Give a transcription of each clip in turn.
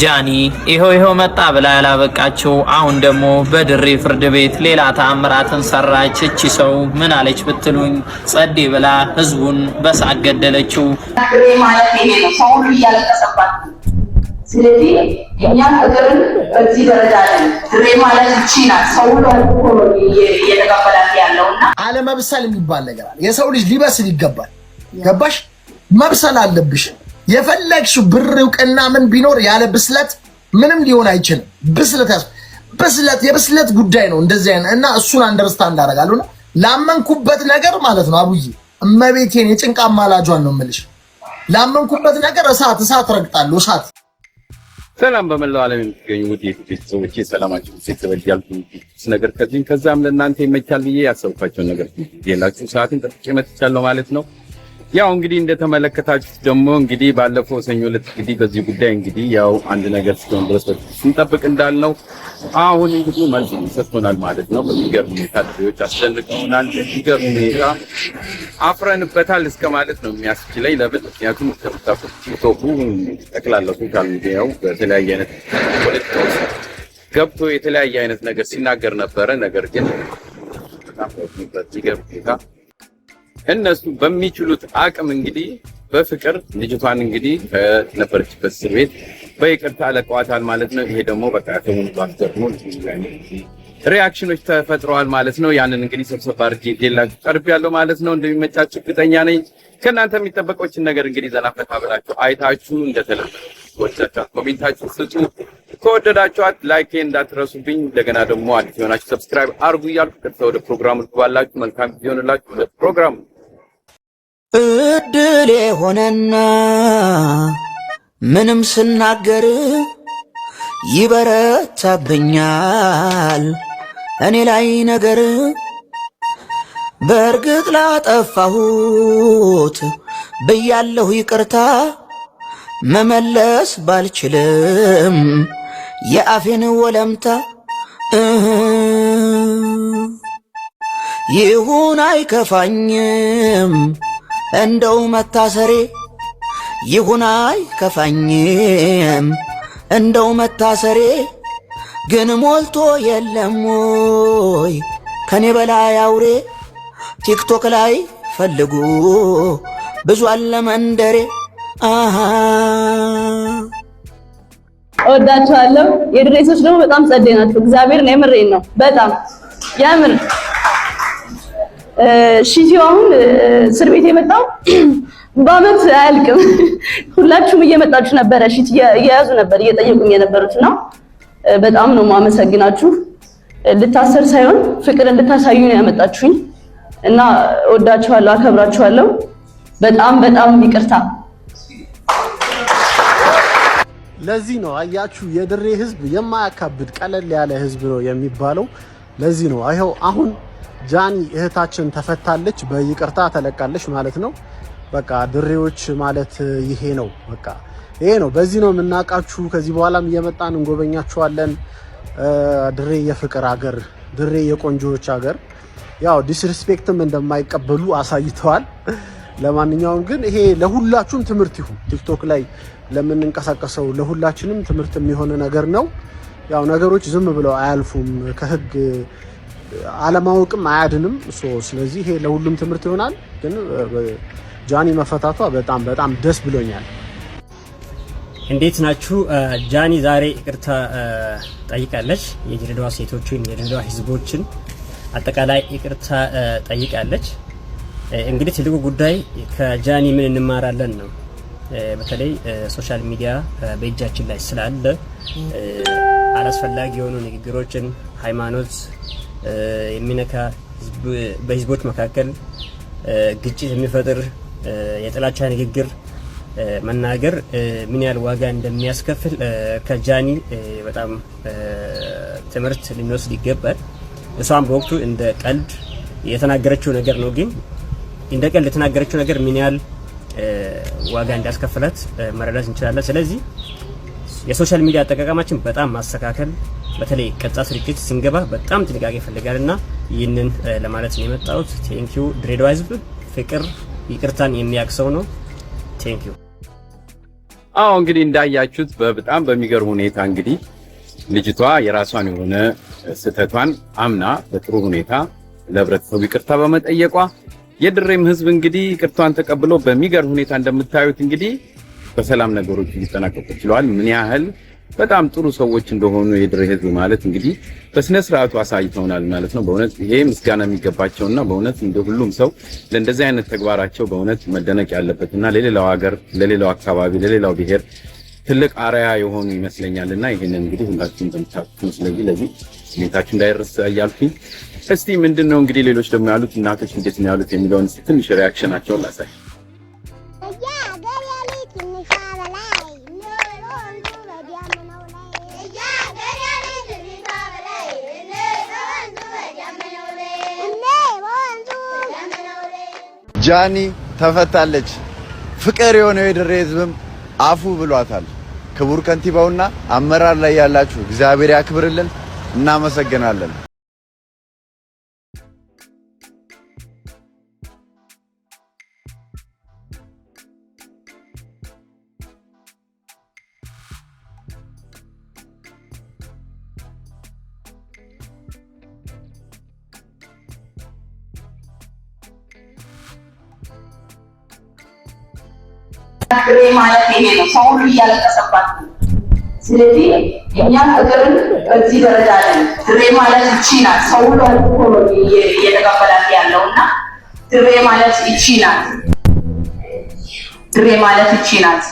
ጃኒ ይኸው ይኸው መጣ ብላ ያላበቃችው አሁን ደግሞ በድሬ ፍርድ ቤት ሌላ ተአምራትን ሰራች። እቺ ሰው ምን አለች ብትሉኝ፣ ጸዴ ብላ ህዝቡን በሳቅ ገደለችው። ማለት ይሄ ነው፣ ሰው እያለቀሰባት። ስለዚህ እኛም እግርን በዚህ ደረጃ ላይ ድሬ ማለት እቺ ናት። ሰው እየተቀበላት ያለውና አለመብሰል የሚባል ነገር አለ። የሰው ልጅ ሊበስል ይገባል። ገባሽ? መብሰል አለብሽ የፈለግሽው ብር እውቅና ምን ቢኖር ያለ ብስለት ምንም ሊሆን አይችልም። ብስለት ያስ ብስለት የብስለት ጉዳይ ነው እንደዚህ አይነት እና እሱን አንደርስታንድ አደርጋለሁ ነው ላመንኩበት ነገር ማለት ነው አቡዬ እመቤቴን የጭንቃ አማላጇን ነው የምልሽ። ላመንኩበት ነገር እሳት እሳት ረግጣለሁ እሳት። ሰላም በመላው ዓለም የምትገኙ ውድ ቤተሰቦቼ ሰላማችሁ ሴት በያልኩ ነገር ከዚህም ከዛም ለእናንተ ይመቻል ብዬ ያሰብኳቸውን ነገር ላችሁ ሰዓትን ጠብቄ መጥቻለሁ ማለት ነው። ያው እንግዲህ እንደተመለከታችሁ ደግሞ እንግዲህ ባለፈው ሰኞ ዕለት እንግዲህ በዚህ ጉዳይ እንግዲህ ያው አንድ ነገር እስኪሆን ድረስ ስንጠብቅ እንዳልነው አሁን እንግዲህ መልስ ሰጥቶናል ማለት ነው። በሚገርም ሁኔታ ልጆች አስደንቀውናል። በሚገርም ሁኔታ አፍረንበታል እስከ ማለት ነው የሚያስችለኝ። ለምን ምክንያቱም ቶፑ ጠቅላላ ሶሻል ሚዲያው በተለያየ አይነት ፖለቲካ ውስጥ ገብቶ የተለያየ አይነት ነገር ሲናገር ነበረ። ነገር ግን በሚገርም ሁኔታ እነሱ በሚችሉት አቅም እንግዲህ በፍቅር ልጅቷን እንግዲህ ከነበረችበት እስር ቤት በይቅርታ ለቀዋታል ማለት ነው። ይሄ ደግሞ በቃ ከሙሉ ባክተርሞ ሪያክሽኖች ተፈጥረዋል ማለት ነው። ያንን እንግዲህ ሰብሰብ አድርጌ ቀርብ ያለው ማለት ነው። እንደሚመቻችሁ እርግጠኛ ነኝ። ከእናንተ የሚጠበቀችን ነገር እንግዲህ ዘናፈታ ብላችሁ አይታችሁ እንደተለመ ወዳችኋት ኮሜንታችሁ ስጡ። ከወደዳችኋት ላይክ እንዳትረሱብኝ። እንደገና ደግሞ አዲስ የሆናችሁ ሰብስክራይብ አርጉ እያልኩ ቀጥታ ወደ ፕሮግራሙ ልግባላችሁ። መልካም ጊዜ ሆንላችሁ ወደ ፕሮግራሙ እድል የሆነና ምንም ስናገር ይበረታብኛል እኔ ላይ ነገር በእርግጥ ላጠፋሁት ብያለሁ ይቅርታ መመለስ ባልችልም የአፌን ወለምታ ይሁን አይከፋኝም እንደው መታሰሬ ይሁን አይከፋኝም፣ እንደው መታሰሬ ግን ሞልቶ የለም ወይ ከኔ በላይ አውሬ? ቲክቶክ ላይ ፈልጉ ብዙ አለ መንደሬ። አሃ እወዳቸዋለሁ። የድሬሶች ደግሞ በጣም ጸዴ ናቸው። እግዚአብሔር ነው የምሬን ነው በጣም የምር ሺቲው አሁን እስር ቤት የመጣው በአመት አያልቅም። ሁላችሁም እየመጣችሁ ነበረ፣ ሺት እየያዙ ነበር እየጠየቁኝ የነበሩት እና በጣም ነው ማመሰግናችሁ። ልታሰር ሳይሆን ፍቅር እንድታሳዩ ነው ያመጣችሁኝ እና ወዳችኋለሁ፣ አከብራችኋለሁ። በጣም በጣም ይቅርታ። ለዚህ ነው አያችሁ፣ የድሬ ህዝብ የማያካብድ ቀለል ያለ ህዝብ ነው የሚባለው። ለዚህ ነው አይኸው አሁን ጃኒ እህታችን ተፈታለች፣ በይቅርታ ተለቃለች ማለት ነው። በቃ ድሬዎች ማለት ይሄ ነው። በቃ ይሄ ነው። በዚህ ነው የምናውቃችሁ። ከዚህ በኋላም እየመጣን እንጎበኛችኋለን። ድሬ የፍቅር ሀገር፣ ድሬ የቆንጆዎች ሀገር። ያው ዲስሪስፔክትም እንደማይቀበሉ አሳይተዋል። ለማንኛውም ግን ይሄ ለሁላችሁም ትምህርት ይሁን። ቲክቶክ ላይ ለምንንቀሳቀሰው ለሁላችንም ትምህርት የሚሆን ነገር ነው። ያው ነገሮች ዝም ብለው አያልፉም ከህግ አለማወቅም አያድንም። ስለዚህ ይሄ ለሁሉም ትምህርት ይሆናል። ግን ጃኒ መፈታቷ በጣም በጣም ደስ ብሎኛል። እንዴት ናችሁ? ጃኒ ዛሬ ይቅርታ ጠይቃለች። የድሬዳዋ ሴቶችን፣ የድሬዳዋ ህዝቦችን አጠቃላይ ይቅርታ ጠይቃለች። እንግዲህ ትልቁ ጉዳይ ከጃኒ ምን እንማራለን ነው። በተለይ ሶሻል ሚዲያ በእጃችን ላይ ስላለ አላስፈላጊ የሆኑ ንግግሮችን ሃይማኖት የሚነካ በህዝቦች መካከል ግጭት የሚፈጥር የጥላቻ ንግግር መናገር ምን ያህል ዋጋ እንደሚያስከፍል ከጃኒ በጣም ትምህርት ልንወስድ ይገባል። እሷም በወቅቱ እንደ ቀልድ የተናገረችው ነገር ነው። ግን እንደ ቀልድ የተናገረችው ነገር ምን ያህል ዋጋ እንዳስከፍላት መረዳት እንችላለን። ስለዚህ የሶሻል ሚዲያ አጠቃቀማችን በጣም ማስተካከል በተለይ ቀጥታ ስርጭት ስንገባ በጣም ጥንቃቄ ይፈልጋል እና ይህንን ለማለት ነው የመጣሁት። ቴንኪዩ። ድሬዳዋ ህዝብ ፍቅር ይቅርታን የሚያውቅ ሰው ነው። ቴንኪዩ። አዎ እንግዲህ እንዳያችሁት በጣም በሚገርም ሁኔታ እንግዲህ ልጅቷ የራሷን የሆነ ስህተቷን አምና በጥሩ ሁኔታ ለህብረተሰቡ ይቅርታ በመጠየቋ የድሬም ህዝብ እንግዲህ ይቅርቷን ተቀብሎ በሚገርም ሁኔታ እንደምታዩት እንግዲህ በሰላም ነገሮች ሊጠናቀቁ ችለዋል። ምን ያህል በጣም ጥሩ ሰዎች እንደሆኑ የድሬ ህዝብ ማለት እንግዲህ በስነ ስርዓቱ አሳይተውናል ማለት ነው። በእውነት ይሄ ምስጋና የሚገባቸውና በእውነት እንደ ሁሉም ሰው ለእንደዚህ አይነት ተግባራቸው በእውነት መደነቅ ያለበትና ለሌላው ሀገር፣ ለሌላው አካባቢ፣ ለሌላው ብሔር ትልቅ አርያ የሆኑ ይመስለኛል እና ይህንን እንግዲህ ሁላችሁም እንደምታውቁት ነው። ስለዚህ ለዚህ ስሜታችሁ እንዳይረስ እያልኩኝ እስቲ ምንድን ነው እንግዲህ ሌሎች ደግሞ ያሉት እናቶች እንዴት ነው ያሉት የሚለውን ትንሽ ሪያክሽናቸውን ላሳይ። ጃኒ ተፈታለች። ፍቅር የሆነው የድሬ ህዝብም አፉ ብሏታል። ክቡር ከንቲባውና አመራር ላይ ያላችሁ እግዚአብሔር ያክብርልን። እናመሰግናለን። ፍሬ ማለት ይሄ ነው። ሰው ሁሉ እያለቀሰባት ነው። ስለዚህ በዚህ ደረጃ ላይ ድሬ ማለት እቺ ናት። ሰው ሁሉ እየተቀበላት ያለው እና ድሬ ማለት እቺ ናት። ማለት እቺ ናት።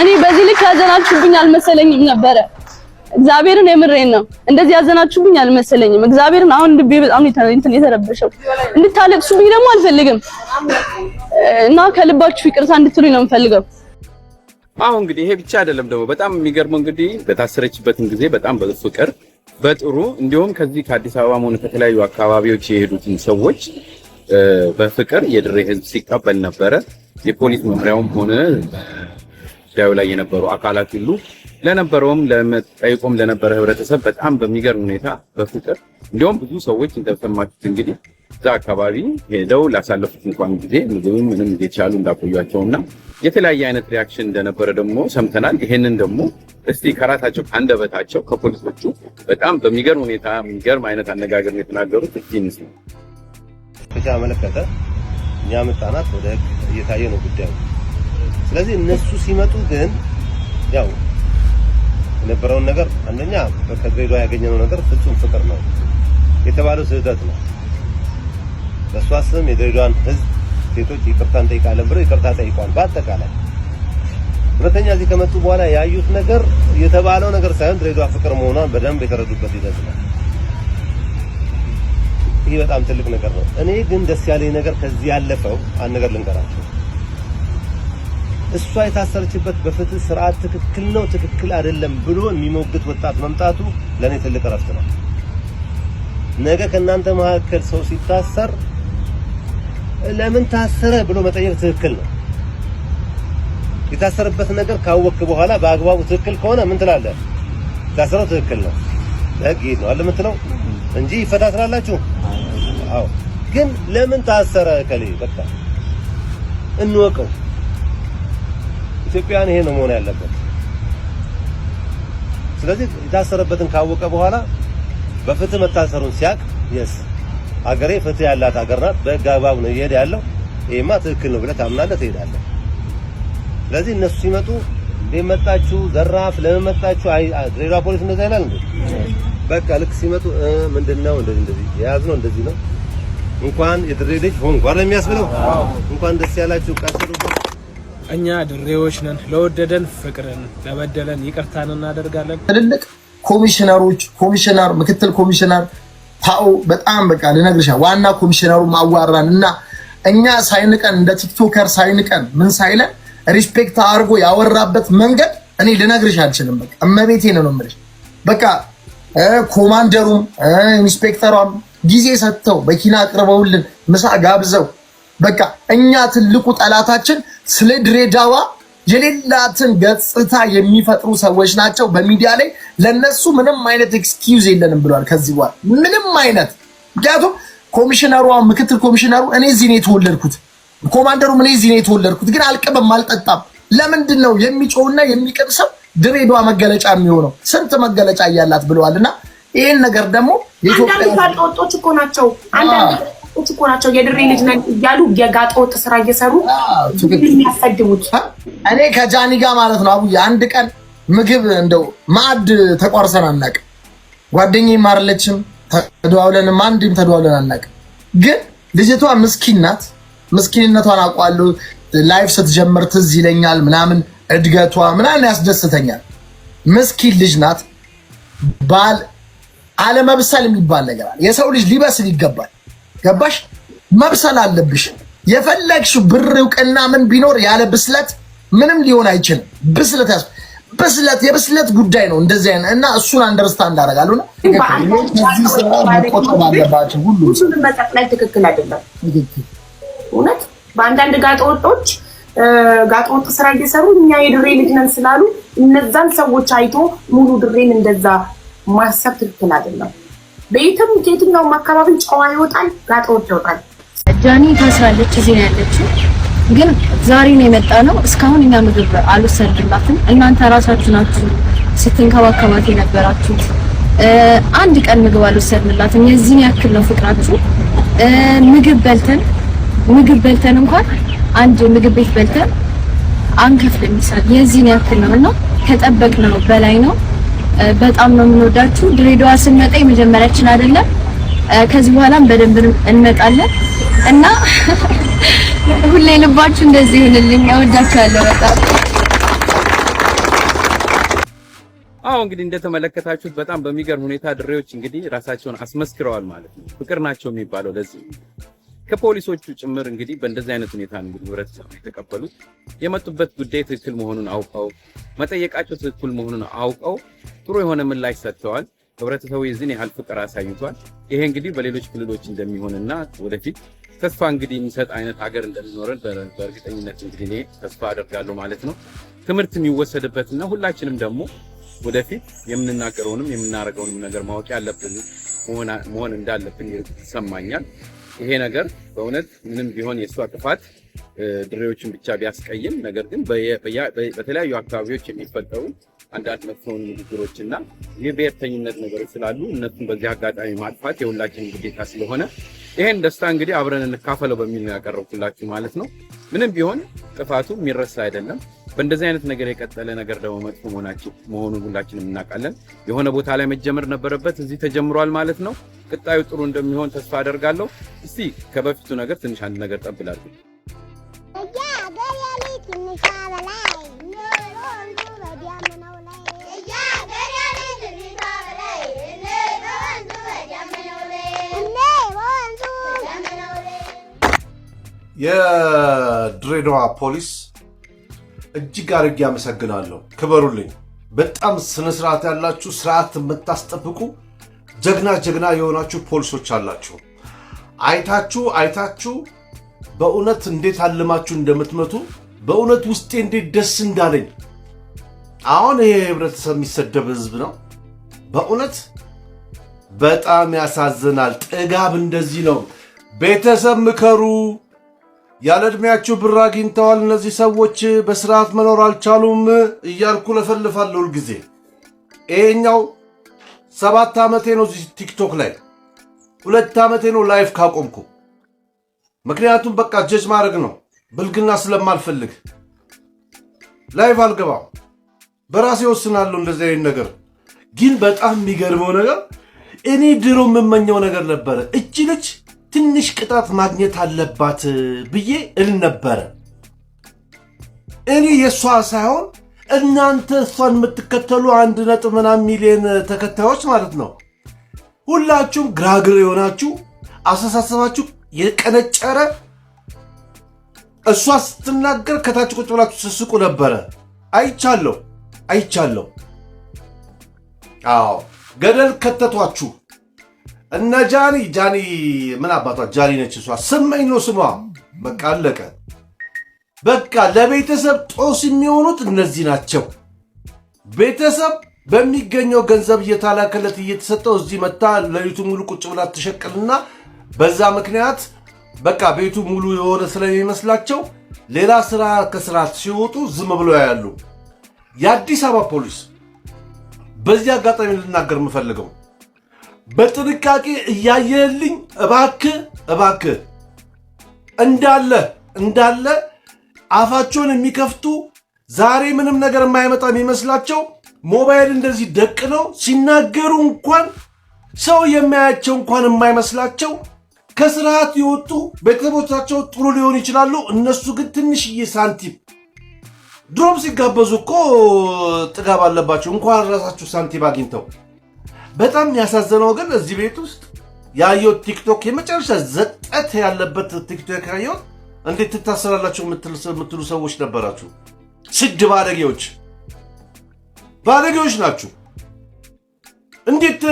እኔ በዚህ ልክ ያዘናችሁብኝ አልመሰለኝም ነበረ። እግዚአብሔርን የምሬን ነው። እንደዚህ ያዘናችሁብኝ አልመሰለኝም። እግዚአብሔርን አሁን ልቤ በጣም እንትን የተረበሸው እንድታለቅሱብኝ ደግሞ አልፈልግም እና ከልባችሁ ይቅርታ እንድትሉኝ ነው የምፈልገው። አሁን እንግዲህ ይሄ ብቻ አይደለም ደግሞ በጣም የሚገርመው እንግዲህ በታሰረችበትን ጊዜ በጣም በፍቅር በጥሩ እንዲሁም ከዚህ ከአዲስ አበባ ሆነ ከተለያዩ አካባቢዎች የሄዱትን ሰዎች በፍቅር የድሬ ህዝብ ሲቀበል ነበረ። የፖሊስ መምሪያውም ሆነ ጉዳዩ ላይ የነበሩ አካላት ሁሉ ለነበረውም ለመጠይቆም ለነበረ ህብረተሰብ በጣም በሚገርም ሁኔታ በፍቅር እንዲሁም ብዙ ሰዎች እንደሰማችሁት እንግዲህ እዛ አካባቢ ሄደው ላሳለፉት እንኳን ጊዜ ምግብም ምንም እየቻሉ እንዳቆያቸውና የተለያየ አይነት ሪያክሽን እንደነበረ ደግሞ ሰምተናል። ይሄንን ደግሞ እስቲ ከራሳቸው በታቸው ከፖሊሶቹ በጣም በሚገርም ሁኔታ የሚገርም አይነት አነጋገር ነው የተናገሩት። እስቲ ብቻ መለከተ እኛ መጣናት ወደ እየታየ ነው ጉዳዩ። ስለዚህ እነሱ ሲመጡ ግን ያው የነበረውን ነገር አንደኛ ከድሬዳዋ ያገኘነው ነገር ፍጹም ፍቅር ነው የተባለው ስህተት ነው። በእሷ ስም የድሬዳዋን ህዝብ ሴቶች ይቅርታ እንጠይቃለን ብለው ይቅርታ ጠይቋል። በአጠቃላይ ሁለተኛ እዚህ ከመጡ በኋላ ያዩት ነገር የተባለው ነገር ሳይሆን ድሬዳዋ ፍቅር መሆኗን በደንብ የተረዱበት ሂደት ነው። ይህ በጣም ትልቅ ነገር ነው። እኔ ግን ደስ ያለኝ ነገር ከዚህ ያለፈው አንድ ነገር ልንገራቸው እሷ የታሰረችበት በፍትህ ስርዓት ትክክል ነው፣ ትክክል አይደለም ብሎ የሚሞግት ወጣት መምጣቱ ለእኔ ትልቅ እረፍት ነው። ነገ ከእናንተ መካከል ሰው ሲታሰር ለምን ታሰረ ብሎ መጠየቅ ትክክል ነው። የታሰረበት ነገር ካወቅክ በኋላ በአግባቡ ትክክል ከሆነ ምን ትላለህ? የታሰረው ትክክል ነው፣ ለህግ ነው አለ የምትለው እንጂ ይፈታ ትላላችሁ። አዎ፣ ግን ለምን ታሰረ ከሌ በቃ እንወቀው። ኢትዮጵያውያን ይሄ ነው መሆን ያለበት። ስለዚህ የታሰረበትን ካወቀ በኋላ በፍትህ መታሰሩን ሲያቅ የስ አገሬ ፍትህ ያላት ሀገር ናት፣ በህግ አግባብ ነው እየሄደ ያለው ይሄማ ትክክል ነው ብለህ ታምናለህ፣ ትሄዳለህ። ስለዚህ እነሱ ሲመጡ እንዴት መጣችሁ ዘራፍ ለምን መጣችሁ? ድሬዳዋ ፖሊስ እንደዛ ይላል እንዴ? በቃ ልክ ሲመጡ ምንድነው እንደዚህ እንደዚህ የያዝነው እንደዚህ ነው እንኳን የድሬ ልጅ ሆንኩ አይደል የሚያስብለው እንኳን ደስ ያላችሁ ቀጥሉበት። እኛ ድሬዎች ነን። ለወደደን ፍቅርን፣ ለበደለን ይቅርታን እናደርጋለን። ትልልቅ ኮሚሽነሮች፣ ኮሚሽነር፣ ምክትል ኮሚሽነር ታኦ በጣም በቃ ልነግርሻ ዋና ኮሚሽነሩ ማዋራን እና እኛ ሳይንቀን እንደ ቲክቶከር ሳይንቀን ምን ሳይለን ሪስፔክት አድርጎ ያወራበት መንገድ እኔ ልነግርሽ አልችልም። በቃ እመቤቴ ነው የምልሽ። በቃ ኮማንደሩም ኢንስፔክተሯም ጊዜ ሰጥተው መኪና አቅርበውልን ምሳ ጋብዘው በቃ እኛ ትልቁ ጠላታችን ስለ ድሬዳዋ የሌላትን ገጽታ የሚፈጥሩ ሰዎች ናቸው በሚዲያ ላይ ለነሱ ምንም አይነት ኤክስኪውዝ የለንም ብሏል። ከዚህ በኋላ ምንም አይነት ምክንያቱም ኮሚሽነሯ ምክትል ኮሚሽነሩ እኔ እዚህ ነው የተወለድኩት፣ ኮማንደሩም እኔ እዚህ ነው የተወለድኩት፣ ግን አልቅብም አልጠጣም። ለምንድን ነው የሚጮውና የሚቅም ሰው ድሬዳዋ መገለጫ የሚሆነው? ስንት መገለጫ እያላት ብለዋል። እና ይህን ነገር ደግሞ የኢትዮጵያ ወጦች እኮ ናቸው አንዳንድ ወጥ እኮ ናቸው የድሬ ልጅ ነን እያሉ የጋጠ ስራ እየሰሩ የሚያሰድቡት። እኔ ከጃኒ ጋር ማለት ነው አቡዬ አንድ ቀን ምግብ እንደው ማዕድ ተቋርሰን አናውቅም። ጓደኛዬም ማርለችም ተደዋውለንም አንድም ተደዋውለን አናውቅም። ግን ልጅቷ ምስኪን ናት። ምስኪንነቷን አውቃለሁ። ላይፍ ስትጀምር ትዝ ይለኛል ምናምን እድገቷ ምናምን ያስደስተኛል። ምስኪን ልጅ ናት። ባል አለመብሰል የሚባል ነገር አለ። የሰው ልጅ ሊበስል ይገባል። ገባሽ? መብሰል አለብሽ። የፈለግሽው ብር እውቅና ምን ቢኖር ያለ ብስለት ምንም ሊሆን አይችልም። ብስለት ያስ ብስለት የብስለት ጉዳይ ነው እንደዚህ አይነት እና እሱን አንደርስታንድ እንዳደረጋሉ ነው። ትክክል እውነት በአንዳንድ ጋጠወጦች ጋጠወጥ ስራ እየሰሩ እኛ የድሬ ልጅ ነን ስላሉ እነዛን ሰዎች አይቶ ሙሉ ድሬን እንደዛ ማሰብ ትክክል አይደለም። ቤትም ከየትኛውም አካባቢ ጨዋ ይወጣል፣ ጋጠ ይወጣል። ጃኒ ታስራለች፣ እዚህ ነው ያለችው። ግን ዛሬ ነው የመጣ ነው። እስካሁን እኛ ምግብ አልወሰድላትም። እናንተ ራሳችሁ ናችሁ ስትንከባከባት የነበራችሁ አንድ ቀን ምግብ አልወሰድንላትም። የዚህን ያክል ነው ፍቅራችሁ። ምግብ በልተን ምግብ በልተን እንኳን አንድ ምግብ ቤት በልተን አንከፍልም። የዚህን ያክል ነው እና ከጠበቅነው በላይ ነው። በጣም ነው የምንወዳችሁ። ድሬዳዋ ስንመጣ የመጀመሪያችን አይደለም። ከዚህ በኋላም በደንብ እንመጣለን እና ሁሌ ልባችሁ እንደዚህ ይሁንልኝ። እወዳችኋለሁ በጣም። አዎ እንግዲህ እንደተመለከታችሁት በጣም በሚገርም ሁኔታ ድሬዎች እንግዲህ ራሳቸውን አስመስክረዋል ማለት ነው። ፍቅር ናቸው የሚባለው ለዚህ ከፖሊሶቹ ጭምር እንግዲህ በእንደዚህ አይነት ሁኔታ ህብረተሰብ የተቀበሉት የመጡበት ጉዳይ ትክክል መሆኑን አውቀው መጠየቃቸው ትክክል መሆኑን አውቀው ጥሩ የሆነ ምላሽ ሰጥተዋል። ህብረተሰቡ የዚህን ያህል ፍቅር አሳይቷል። ይሄ እንግዲህ በሌሎች ክልሎች እንደሚሆንና ወደፊት ተስፋ እንግዲህ የሚሰጥ አይነት ሀገር እንደሚኖረን በእርግጠኝነት እንግዲህ እኔ ተስፋ አደርጋለሁ ማለት ነው። ትምህርት የሚወሰድበትና ሁላችንም ደግሞ ወደፊት የምንናገረውንም የምናደርገውንም ነገር ማወቅ ያለብን መሆን እንዳለብን ይሰማኛል። ይሄ ነገር በእውነት ምንም ቢሆን የእሷ ጥፋት ድሬዎችን ብቻ ቢያስቀይም፣ ነገር ግን በተለያዩ አካባቢዎች የሚፈጠሩ አንዳንድ መጥፎን ንግግሮች እና ይህ ብሔርተኝነት ነገሮች ስላሉ እነሱን በዚህ አጋጣሚ ማጥፋት የሁላችን ግዴታ ስለሆነ ይሄን ደስታ እንግዲህ አብረን እንካፈለው በሚል ነው ያቀረብኩላችሁ ማለት ነው። ምንም ቢሆን ጥፋቱ የሚረሳ አይደለም። በእንደዚህ አይነት ነገር የቀጠለ ነገር ደግሞ መጥፎ መሆኑን ሁላችንም እናውቃለን። የሆነ ቦታ ላይ መጀመር ነበረበት፣ እዚህ ተጀምሯል ማለት ነው። ቅጣዩ ጥሩ እንደሚሆን ተስፋ አደርጋለሁ። እስቲ ከበፊቱ ነገር ትንሽ አንድ ነገር ጠብላሉ የድሬዳዋ ፖሊስ እጅግ አድርጌ አመሰግናለሁ። ክበሩልኝ። በጣም ስነስርዓት ያላችሁ ስርዓት የምታስጠብቁ ጀግና ጀግና የሆናችሁ ፖሊሶች አላችሁ። አይታችሁ አይታችሁ በእውነት እንዴት አልማችሁ እንደምትመቱ በእውነት ውስጤ እንዴት ደስ እንዳለኝ። አሁን ይሄ ህብረተሰብ የሚሰደብ ህዝብ ነው። በእውነት በጣም ያሳዝናል። ጥጋብ እንደዚህ ነው። ቤተሰብ ምከሩ። ያለ ዕድሜያቸው ብር አግኝተዋል እነዚህ ሰዎች በስርዓት መኖር አልቻሉም እያልኩ ለፈልፋለሁ ሁልጊዜ። ይሄኛው ሰባት ዓመቴ ነው እዚህ ቲክቶክ ላይ ሁለት ዓመቴ ነው ላይፍ ካቆምኩ። ምክንያቱም በቃ ጀጅ ማድረግ ነው ብልግና ስለማልፈልግ ላይፍ አልገባም። በራሴ ወስናለሁ እንደዚህ አይነት ነገር። ግን በጣም የሚገርመው ነገር እኔ ድሮ የምመኘው ነገር ነበረ እች ልጅ ትንሽ ቅጣት ማግኘት አለባት ብዬ እል ነበረ። እኔ የእሷ ሳይሆን እናንተ እሷን የምትከተሉ አንድ ነጥብ ምናምን ሚሊዮን ተከታዮች ማለት ነው። ሁላችሁም ግራግር የሆናችሁ አስተሳሰባችሁ የቀነጨረ እሷ ስትናገር ከታች ቁጭ ብላችሁ ስስቁ ነበረ። አይቻለሁ አይቻለሁ። አዎ ገደል ከተቷችሁ። እነ ጃኒ ጃኒ ምን አባቷ ጃኒ ነች እሷ ስመኝ ነው ስሟ። በቃ አለቀ። በቃ ለቤተሰብ ጦስ የሚሆኑት እነዚህ ናቸው። ቤተሰብ በሚገኘው ገንዘብ እየታላከለት እየተሰጠው እዚህ መታ ለቤቱ ሙሉ ቁጭ ብላ ትሸቅልና በዛ ምክንያት በቃ ቤቱ ሙሉ የሆነ ስለሚመስላቸው ሌላ ስራ ከስራ ሲወጡ ዝም ብለው ያሉ የአዲስ አበባ ፖሊስ በዚህ አጋጣሚ ልናገር የምፈልገው በጥንቃቄ እያየልኝ እባክ እባክ እንዳለ እንዳለ አፋቸውን የሚከፍቱ ዛሬ ምንም ነገር የማይመጣ የሚመስላቸው ሞባይል እንደዚህ ደቅ ነው ሲናገሩ እንኳን ሰው የሚያያቸው እንኳን የማይመስላቸው ከስርዓት የወጡ ቤተሰቦቻቸው ጥሩ ሊሆኑ ይችላሉ። እነሱ ግን ትንሽዬ ሳንቲም ድሮም ሲጋበዙ እኮ ጥጋብ አለባቸው። እንኳን ራሳቸው ሳንቲም አግኝተው በጣም የሚያሳዝነው ግን እዚህ ቤት ውስጥ ያየሁት ቲክቶክ የመጨረሻ ዘጠት ያለበት ቲክቶክ ያየሁት እንዴት ትታሰራላችሁ የምትሉ ሰዎች ነበራችሁ። ስድ ባለጌዎች፣ ባለጌዎች ናችሁ። እንዴት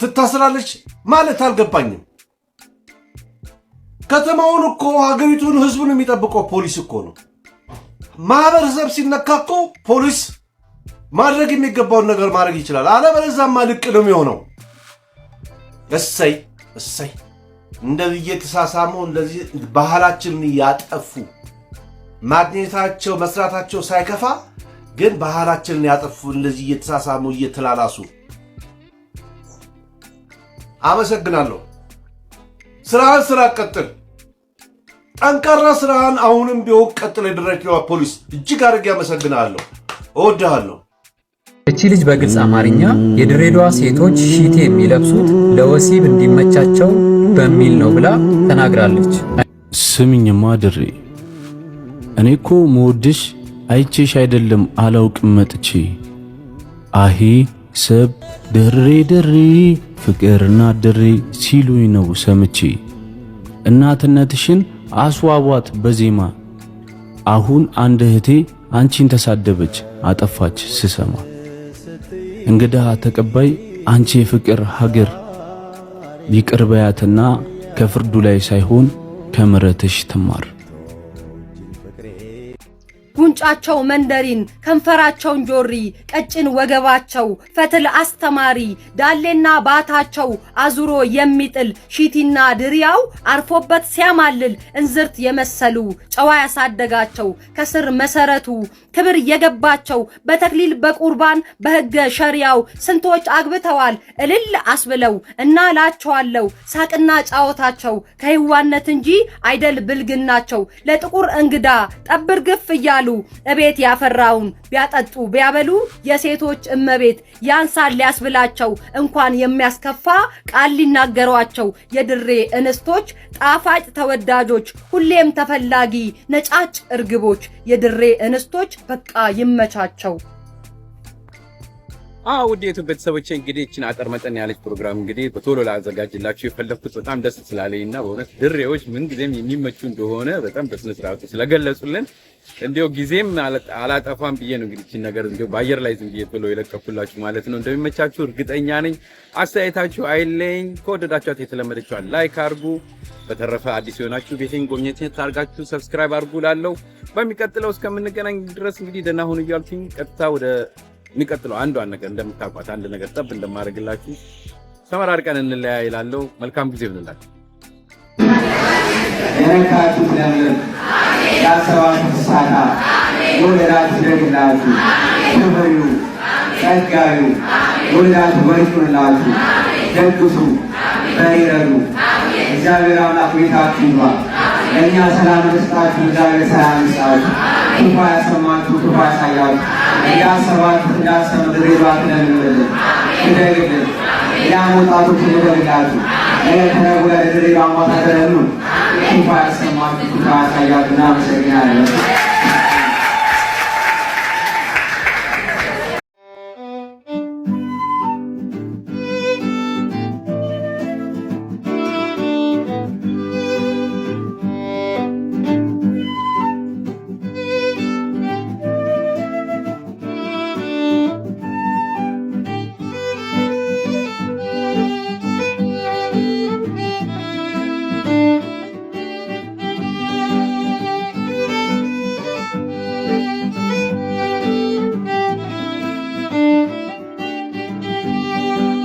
ትታሰራለች ማለት አልገባኝም። ከተማውን እኮ ሀገሪቱን ህዝቡን የሚጠብቀው ፖሊስ እኮ ነው። ማህበረሰብ ሲነካ እኮ ፖሊስ ማድረግ የሚገባውን ነገር ማድረግ ይችላል። አለበለዚያማ ልቅ ነው የሚሆነው። እሰይ እሰይ እንደዚህ እየተሳሳሙ እንደዚህ ባህላችንን ያጠፉ ማግኘታቸው መስራታቸው ሳይከፋ ግን ባህላችንን ያጠፉ እንደዚህ እየተሳሳሙ እየተላላሱ። አመሰግናለሁ። ስራህን ስራ ቀጥል፣ ጠንካራ ስራህን አሁንም ቢሆን ቀጥል። የድሬዳዋ ፖሊስ እጅግ አድርጌ አመሰግናለሁ። እወድሃለሁ። እቺ ልጅ በግልጽ አማርኛ የድሬዳዋ ሴቶች ሺቴ የሚለብሱት ለወሲብ እንዲመቻቸው በሚል ነው ብላ ተናግራለች። ስምኝማ ድሬ፣ እኔ እኮ መወድሽ አይቼሽ አይደለም አላውቅም መጥቼ አሄ ሰብ ድሬ ድሬ ፍቅርና ድሬ ሲሉኝ ነው ሰምቼ እናትነትሽን አስዋቧት በዜማ አሁን አንድ እህቴ አንቺን ተሳደበች አጠፋች ስሰማ እንግዳ ተቀባይ አንቺ የፍቅር ሀገር ይቅርበያትና ከፍርዱ ላይ ሳይሆን ከምረትሽ ትማር። ጉንጫቸው መንደሪን፣ ከንፈራቸውን ጆሪ፣ ቀጭን ወገባቸው ፈትል አስተማሪ፣ ዳሌና ባታቸው አዙሮ የሚጥል ሺቲና ድሪያው አርፎበት ሲያማልል እንዝርት የመሰሉ ጨዋ ያሳደጋቸው ከስር መሰረቱ ክብር የገባቸው በተክሊል በቁርባን በህገ ሸሪያው ስንቶች አግብተዋል እልል አስብለው እና ላቸዋለው ሳቅና ጫወታቸው ከህዋነት እንጂ አይደል ብልግናቸው ለጥቁር እንግዳ ጠብር ግፍ እያለ ቢጣሉ እቤት ያፈራውን ቢያጠጡ ቢያበሉ የሴቶች እመቤት ያንሳል ሊያስብላቸው እንኳን የሚያስከፋ ቃል ሊናገሯቸው የድሬ እንስቶች ጣፋጭ ተወዳጆች ሁሌም ተፈላጊ ነጫጭ እርግቦች የድሬ እንስቶች በቃ ይመቻቸው። አዎ ውዴቱ ቤተሰቦች እንግዲህ ይህችን አጠር መጠን ያለች ፕሮግራም እንግዲህ በቶሎ ላዘጋጅላችሁ የፈለግኩት በጣም ደስ ስላለኝ እና በእውነት ድሬዎች ምንጊዜም የሚመቹ እንደሆነ በጣም በስነስርዓቱ ስለገለጹልን እንዲያው ጊዜም አላጠፋም ብዬ ነው እንግዲህ ነገር እንዲያው በአየር ላይ ዝም ብዬ ብሎ የለቀኩላችሁ ማለት ነው። እንደሚመቻችሁ እርግጠኛ ነኝ። አስተያየታችሁ አይለኝ። ከወደዳችኋት የተለመደችዋል ላይክ አርጉ። በተረፈ አዲስ የሆናችሁ ቤቴን ጎብኘት ታርጋችሁ ሰብስክራይብ አድርጉ። ላለው በሚቀጥለው እስከምንገናኝ ድረስ እንግዲህ ደህና ሁኑ እያልኩኝ ቀጥታ ወደ የሚቀጥለው አንዷን ነገር እንደምታውቋት አንድ ነገር ጠብ እንደማደርግላችሁ ተመራርቀን እንለያይ ላለው መልካም ጊዜ ይሁንላችሁ። የአሰባት ህሳናት ወለላት ደግላችሁ ክብሩ ጸጋዩ ወለላት ወርቁንላችሁ ደግሱ በይረዱ እግዚአብሔር አምላክ ቤታችሁ ይባ ለእኛ ሰላም ስጣችሁ። እግዚአብሔር ሰላም ስጣችሁ። ክፉ ያሰማችሁ፣ ክፉ ያሳያችሁ። እንዳሰባት እንዳሰብ ድሬባት ለምንበልን ክደግልን ያ መውጣቶች ልደግላችሁ ለተረጉ ለድሬ ባሟታ Kung para sa mga kaya ginagawa sa ginagawa.